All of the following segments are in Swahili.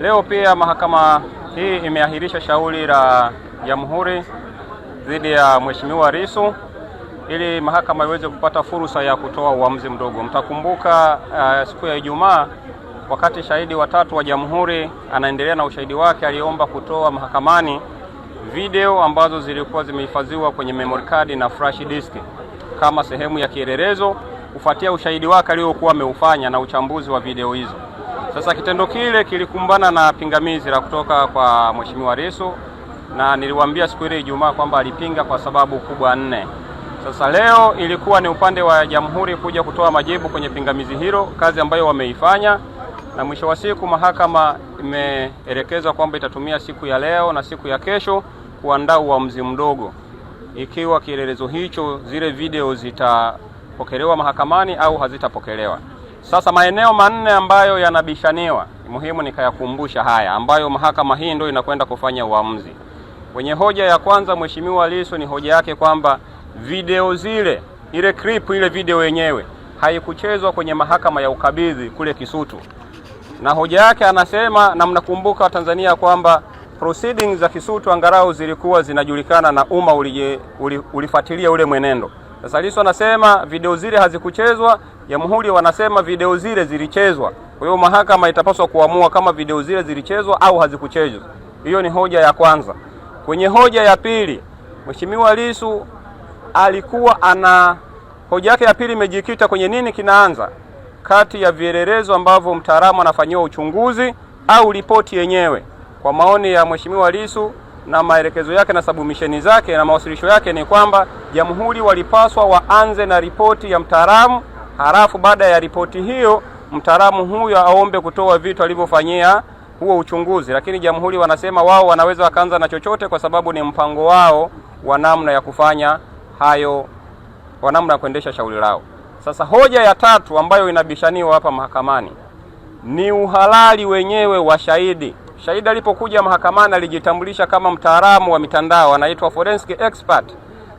Leo pia mahakama hii imeahirisha shauri la jamhuri dhidi ya Mheshimiwa Lissu ili mahakama iweze kupata fursa ya kutoa uamuzi mdogo. Mtakumbuka uh, siku ya Ijumaa wakati shahidi watatu wa jamhuri anaendelea na ushahidi wake, aliomba kutoa mahakamani video ambazo zilikuwa zimehifadhiwa kwenye memory card na flash disk kama sehemu ya kielelezo kufuatia ushahidi wake aliokuwa ameufanya na uchambuzi wa video hizo. Sasa kitendo kile kilikumbana na pingamizi la kutoka kwa Mheshimiwa Lissu, na niliwaambia siku ile Ijumaa kwamba alipinga kwa sababu kubwa nne. Sasa leo ilikuwa ni upande wa Jamhuri kuja kutoa majibu kwenye pingamizi hilo, kazi ambayo wameifanya, na mwisho wa siku mahakama imeelekeza kwamba itatumia siku ya leo na siku ya kesho kuandaa uamuzi mdogo, ikiwa kielelezo hicho, zile video zitapokelewa mahakamani au hazitapokelewa. Sasa maeneo manne ambayo yanabishaniwa, muhimu nikayakumbusha haya, ambayo mahakama hii ndio inakwenda kufanya uamuzi. Kwenye hoja ya kwanza, Mheshimiwa Lissu ni hoja yake kwamba video zile, ile clip, ile video yenyewe haikuchezwa kwenye mahakama ya ukabidhi kule Kisutu, na hoja yake anasema, na mnakumbuka Tanzania kwamba proceedings za Kisutu angalau zilikuwa zinajulikana na umma ulifuatilia ule mwenendo. Sasa Lissu anasema video zile hazikuchezwa, jamhuri wanasema video zile zilichezwa. Kwa hiyo mahakama itapaswa kuamua kama video zile zilichezwa au hazikuchezwa. Hiyo ni hoja ya kwanza. Kwenye hoja ya pili, Mheshimiwa Lissu alikuwa ana hoja yake ya pili imejikita kwenye nini kinaanza kati ya vielelezo ambavyo mtaalamu anafanyiwa uchunguzi au ripoti yenyewe. Kwa maoni ya Mheshimiwa Lissu na maelekezo yake na submisheni zake na mawasilisho yake ni kwamba jamhuri walipaswa waanze na ripoti ya mtaalamu, halafu baada ya ripoti hiyo mtaalamu huyo aombe kutoa vitu alivyofanyia huo uchunguzi. Lakini jamhuri wanasema wao wanaweza wakaanza na chochote, kwa sababu ni mpango wao wa namna ya kufanya hayo, wa namna ya kuendesha shauri lao. Sasa hoja ya tatu ambayo inabishaniwa hapa mahakamani ni uhalali wenyewe wa shahidi. Shahidi alipokuja mahakamani alijitambulisha kama mtaalamu wa mitandao, anaitwa forensic expert.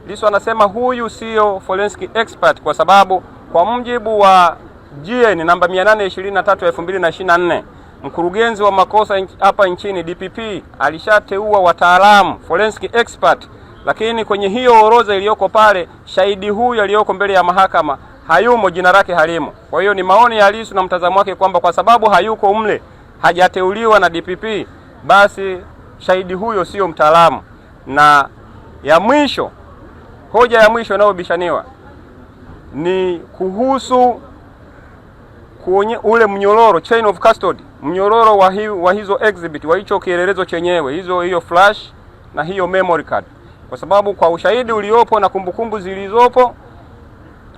Lissu anasema huyu siyo forensic expert kwa sababu kwa mjibu wa GN namba 823 2024 mkurugenzi wa makosa hapa nchini DPP alishateua wataalamu forensic expert, lakini kwenye hiyo orodha iliyoko pale shahidi huyu aliyoko mbele ya mahakama hayumo, jina lake halimo. Kwa hiyo ni maoni ya Lissu na mtazamo wake kwamba kwa sababu hayuko mle hajateuliwa na DPP, basi shahidi huyo siyo mtaalamu. Na ya mwisho, hoja ya mwisho inayobishaniwa ni kuhusu kuonye ule mnyororo, chain of custody, mnyororo wa, hi, wa hizo exhibit wa hicho kielelezo chenyewe, hizo hiyo flash na hiyo memory card, kwa sababu kwa ushahidi uliopo na kumbukumbu zilizopo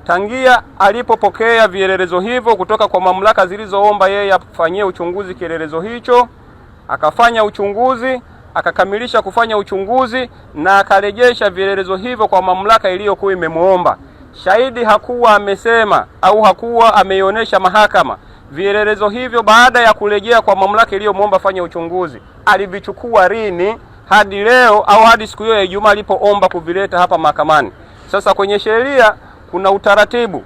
Tangia alipopokea vielelezo hivyo kutoka kwa mamlaka zilizoomba yeye afanyie uchunguzi kielelezo hicho, akafanya uchunguzi, akakamilisha kufanya uchunguzi na akarejesha vielelezo hivyo kwa mamlaka iliyokuwa imemwomba. Shahidi hakuwa amesema au hakuwa ameionyesha mahakama vielelezo hivyo. Baada ya kurejea kwa mamlaka iliyomwomba fanya uchunguzi, alivichukua lini hadi leo au hadi siku hiyo ya Ijumaa alipoomba kuvileta hapa mahakamani? Sasa kwenye sheria kuna utaratibu,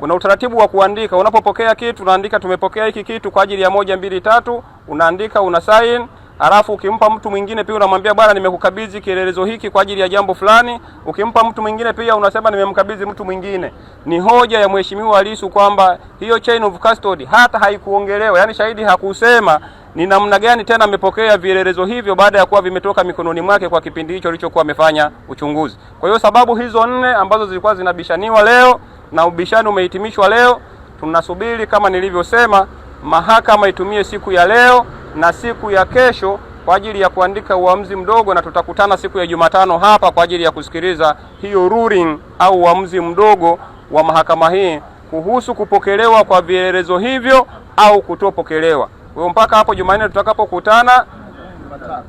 kuna utaratibu wa kuandika. Unapopokea kitu unaandika tumepokea hiki kitu kwa ajili ya moja, mbili, tatu, unaandika una sign alafu ukimpa mtu mwingine pia unamwambia bwana, nimekukabidhi kielelezo hiki kwa ajili ya jambo fulani. Ukimpa mtu mwingine pia unasema nimemkabidhi mtu mwingine. Ni hoja ya Mheshimiwa Lissu kwamba hiyo chain of custody hata haikuongelewa, yaani shahidi hakusema ni namna gani tena amepokea vielelezo hivyo baada ya kuwa vimetoka mikononi mwake kwa kipindi hicho alichokuwa amefanya uchunguzi. Kwa hiyo sababu hizo nne ambazo zilikuwa zinabishaniwa leo na ubishani umehitimishwa leo, tunasubiri kama nilivyosema, mahakama itumie siku ya leo na siku ya kesho kwa ajili ya kuandika uamuzi mdogo, na tutakutana siku ya Jumatano hapa kwa ajili ya kusikiliza hiyo ruling au uamuzi mdogo wa mahakama hii kuhusu kupokelewa kwa vielelezo hivyo au kutopokelewa. Kwa mpaka hapo Jumanne tutakapokutana,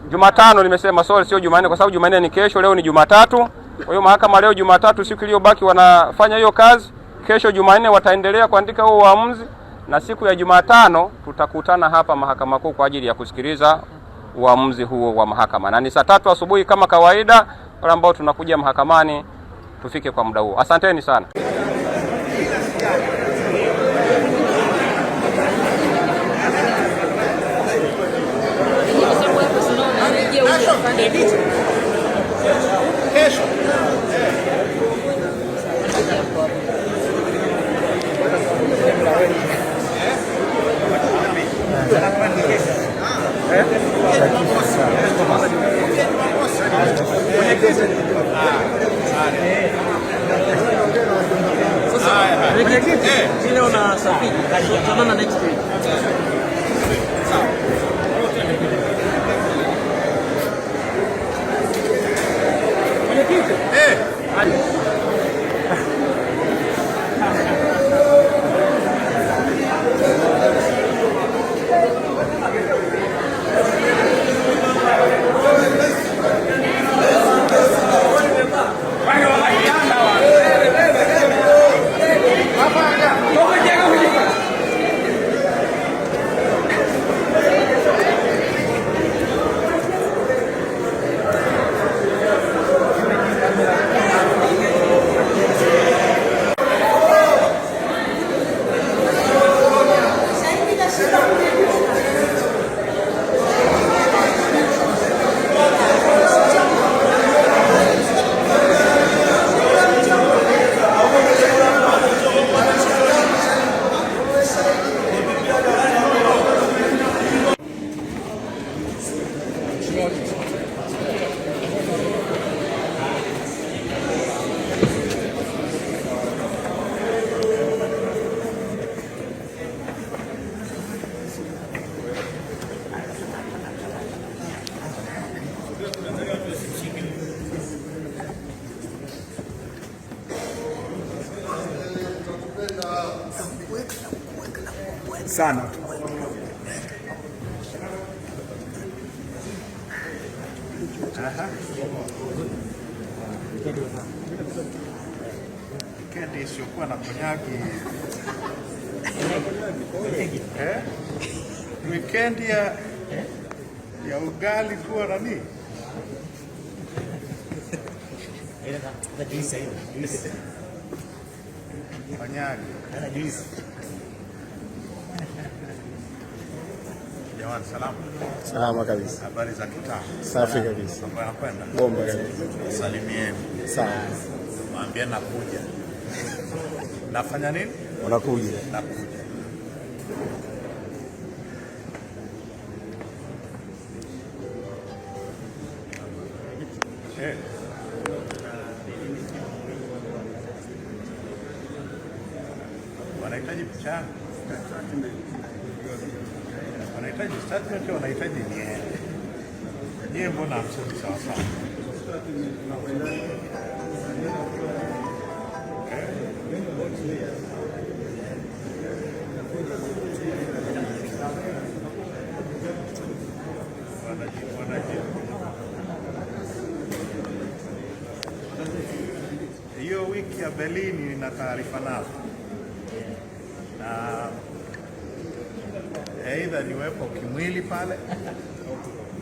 Jumatano nimesema, sorry, sio Jumanne kwa sababu Jumanne ni kesho, leo ni Jumatatu. Kwa hiyo mahakama leo Jumatatu, siku iliyobaki wanafanya hiyo kazi. Kesho Jumanne wataendelea kuandika huo uamuzi na siku ya Jumatano tutakutana hapa Mahakama Kuu kwa ajili ya kusikiliza uamuzi huo wa mahakama, na ni saa tatu asubuhi kama kawaida. Wale ambao tunakuja mahakamani tufike kwa muda huo. Asanteni sana. Sasa mwenyekiti, vile unasafiri, tutaonana next week. sana wikendi isiyokuwa na konyagi eh? wikendi ya ya ugali kuwa nani eh? konyagi anajuizi Jamani, salama salama kabisa. Habari za kitaa? Safi kabisa. Mambo yanakwenda bomba kabisa. Salimieni. Sawa. Mwambie nakuja. Nafanya nini? Unakuja. Nakuja. facciamo? Ma nei fai di Stato perché non hai fai di niente. Io in buon amso di salsa. Guarda qui, guarda qui. Io Wicchi a Bellini in Natale, rifanato. aidha uh, niwepo kimwili pale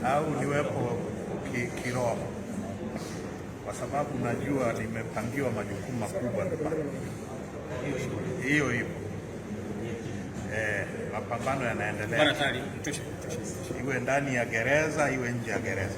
au niwepo kiroho, kwa sababu najua nimepangiwa majukumu makubwa hapa. Hiyo hiyo eh, mapambano yanaendelea, iwe ndani ya gereza iwe nje ya gereza.